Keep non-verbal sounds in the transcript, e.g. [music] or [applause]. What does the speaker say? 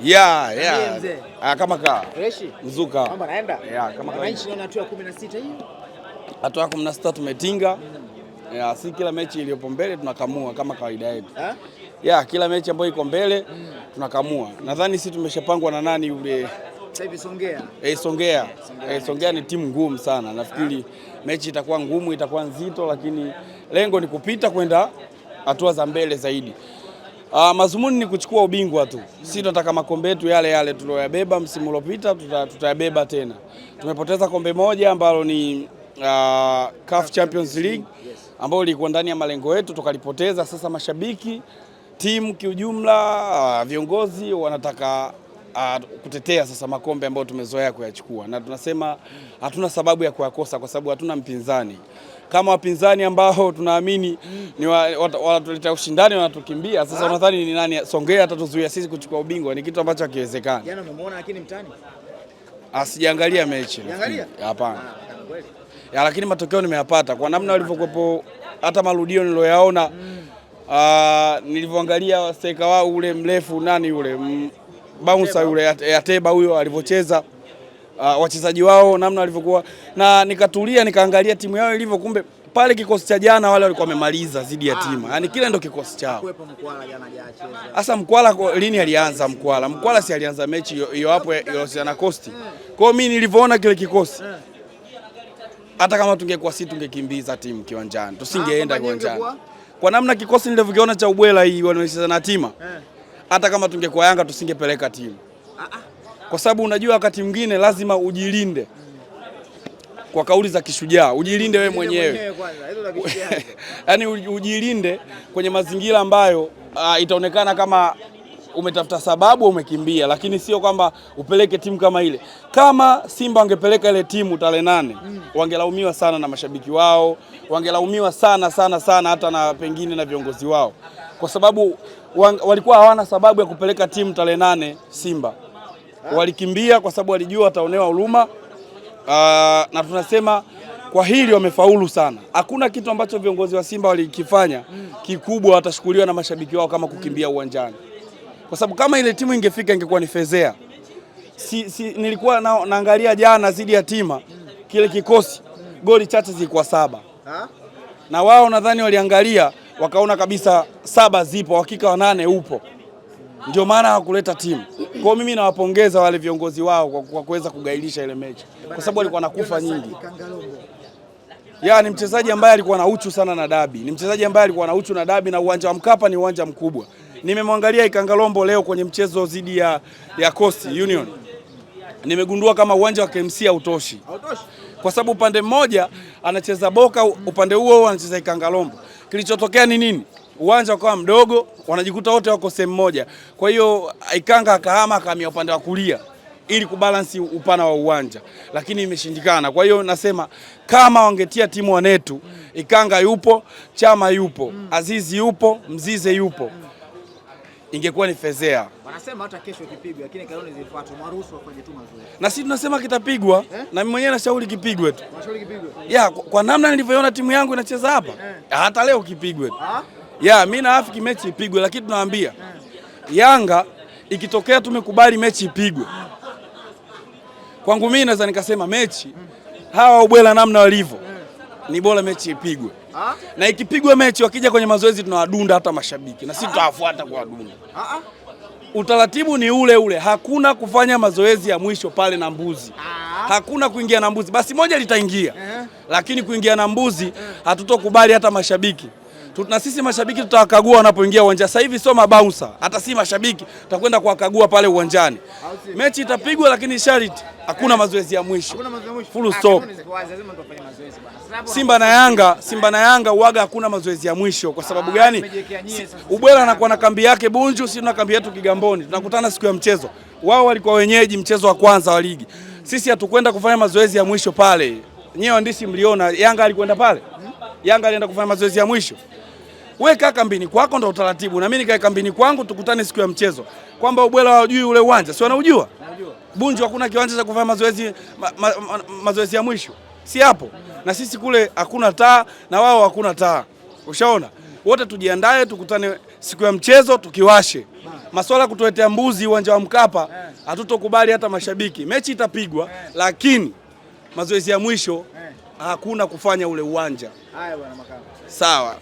Yeah, yeah. Ah, kama ka. Fresh. Mzuka. Mambo naenda. Yeah, kama ka. Mechi naona hatua 16 hiyo. Hatua sita tumetinga. Mm. Yeah, si kila mechi iliyopo mbele tunakamua kama kawaida yetu. Ah? Yeah, kila mechi ambayo iko mbele mm. tunakamua. Nadhani si tumeshapangwa na nani yule sasa Songea. Eh, Songea. Eh, Songea ni timu ngumu sana. Nafikiri ah. mechi itakuwa ngumu, itakuwa nzito lakini lengo ni kupita kwenda hatua za mbele zaidi. Uh, mazumuni ni kuchukua ubingwa tu. Sisi tunataka makombe yetu yale yale tuliyoyabeba msimu uliopita tutayabeba tena. Tumepoteza kombe moja ambalo ni uh, CAF Champions League ambalo lilikuwa ndani ya malengo yetu tukalipoteza. Sasa mashabiki, timu kiujumla, uh, viongozi wanataka uh, kutetea sasa makombe ambayo tumezoea kuyachukua, na tunasema hatuna sababu ya kuyakosa kwa sababu hatuna mpinzani kama wapinzani ambao [laughs] tunaamini ni wanatuleta ushindani wanatukimbia. Sasa unadhani ni nani Songea atatuzuia sisi kuchukua ubingwa? Ni kitu ambacho hakiwezekani. Jana umemwona lakini mtani asijaangalia ah, mechi, hapana ah, ya, lakini matokeo nimeyapata kwa namna walivyokuwepo, hata marudio nilioyaona, mm. nilivyoangalia seka wao ule mrefu nani yule bouncer yule ya Teba huyo alivyocheza uh, wachezaji wao namna walivyokuwa, na nikatulia nikaangalia timu yao ilivyo, kumbe pale kikosi cha jana wale walikuwa wamemaliza zidi ya ah, timu, yani kile ndio kikosi chao. Hasa Mkwala lini alianza? Mkwala Mkwala si alianza mechi hiyo hapo na Coast. Kwa hiyo mimi nilivyoona kile kikosi hata kama tungekuwa si tungekimbiza timu kiwanjani, tusingeenda ah, kiwanjani kwa namna kikosi nilivyokiona cha ubwela hii wanaocheza na Tima eh hata kama tungekuwa Yanga tusingepeleka timu, kwa sababu unajua wakati mwingine lazima ujilinde kwa kauli za kishujaa, ujilinde wewe mwenyewe [laughs] yaani ujilinde kwenye mazingira ambayo uh, itaonekana kama umetafuta sababu umekimbia, lakini sio kwamba upeleke timu kama ile. Kama Simba wangepeleka ile timu tarehe nane, mm. wangelaumiwa sana na mashabiki wao, wangelaumiwa sana sana sana hata na pengine na viongozi wao, kwa sababu walikuwa hawana sababu ya kupeleka timu tarehe nane Simba, walikimbia kwa sababu walijua wataonewa huruma. Uh, na tunasema kwa hili wamefaulu sana. Hakuna kitu ambacho viongozi wa Simba walikifanya kikubwa watashukuliwa na mashabiki wao kama kukimbia uwanjani, kwa sababu kama ile timu ingefika ingekuwa ni fezea. Si, si, nilikuwa na, naangalia jana zidi ya tima kile kikosi, goli chache zilikuwa saba, na wao nadhani waliangalia wakaona kabisa saba zipo, hakika wanane upo, ndio maana hawakuleta timu. Kwa mimi nawapongeza wale viongozi wao kwa kuweza kugailisha ile mechi, kwa sababu alikuwa nakufa nyingi ya ni mchezaji ambaye alikuwa na uchu sana na dabi, ni mchezaji ambaye alikuwa na uchu na dabi, na uwanja wa Mkapa ni uwanja mkubwa. Nimemwangalia Ikangalombo leo kwenye mchezo dhidi ya, ya Coast Union, nimegundua kama uwanja wa KMC hautoshi, kwa sababu upande mmoja anacheza Boka, upande huo huo anacheza Ikangalombo. Kilichotokea ni nini? Uwanja ukawa mdogo, wanajikuta wote wako sehemu moja. Kwa hiyo Ikanga akahama akahamia upande wa kulia ili kubalansi upana wa uwanja, lakini imeshindikana. Kwa hiyo nasema kama wangetia timu wanetu, Ikanga yupo, Chama yupo, Azizi yupo, Mzize yupo ingekuwa ni fezea. Wanasema hata kesho kipigwe, lakini kanuni zifuatwe, mwaruhusu wafanye tu mazoezi. Na sisi tunasema kitapigwa eh? Na mimi mwenyewe nashauri kipigwe tu. Nashauri kipigwe. Yeah, kwa, kwa namna nilivyoona timu yangu inacheza hapa eh. Hata leo kipigwe tu. Yeah, mimi naafiki mechi ipigwe, lakini tunawaambia eh. Yanga ikitokea tumekubali mechi ipigwe, kwangu mimi naweza nikasema mechi hawa ubwela namna walivyo ni bora mechi ipigwe na ikipigwa mechi wakija kwenye mazoezi tunawadunda hata mashabiki na sisi tutawafuata kwa wadunda. Utaratibu ni ule ule, hakuna kufanya mazoezi ya mwisho pale na mbuzi, hakuna kuingia na mbuzi. Basi moja litaingia, lakini kuingia na mbuzi hatutokubali hata mashabiki na sisi mashabiki tutawakagua wanapoingia uwanja. Sasa hivi sio mabounsa, hata si mashabiki, tutakwenda kuwakagua pale uwanjani. Mechi itapigwa, lakini sharti hakuna mazoezi ya mwisho, full ah, stop. Simba na Yanga, Simba na Yanga uaga, hakuna mazoezi ya mwisho. Kwa sababu ah, gani? Ubwela anakuwa na kambi yake Bunju, sisi tuna kambi yetu Kigamboni, tunakutana siku ya mchezo. Wao walikuwa wenyeji mchezo wa kwanza wa ligi, sisi hatukwenda kufanya mazoezi ya mwisho pale. Nyewe waandishi mliona Yanga alikwenda pale, hmm? Yanga alienda kufanya mazoezi ya mwisho wewe kaa kambini kwako, ndo utaratibu, na mimi nikae kambini kwangu, tukutane siku ya mchezo. Kwamba ubwela hawajui ule uwanja, si wanaujua? Bunju hakuna kiwanja cha kufanya mazoezi ma, ma, ma, mazoezi ya mwisho, si hapo? Na sisi kule hakuna taa na wao hakuna taa, ushaona? Wote tujiandae, tukutane siku ya mchezo, tukiwashe maswala ya kutuletea mbuzi uwanja wa Mkapa hatutokubali hata mashabiki. Mechi itapigwa, lakini mazoezi ya mwisho hakuna kufanya ule uwanja. sawa.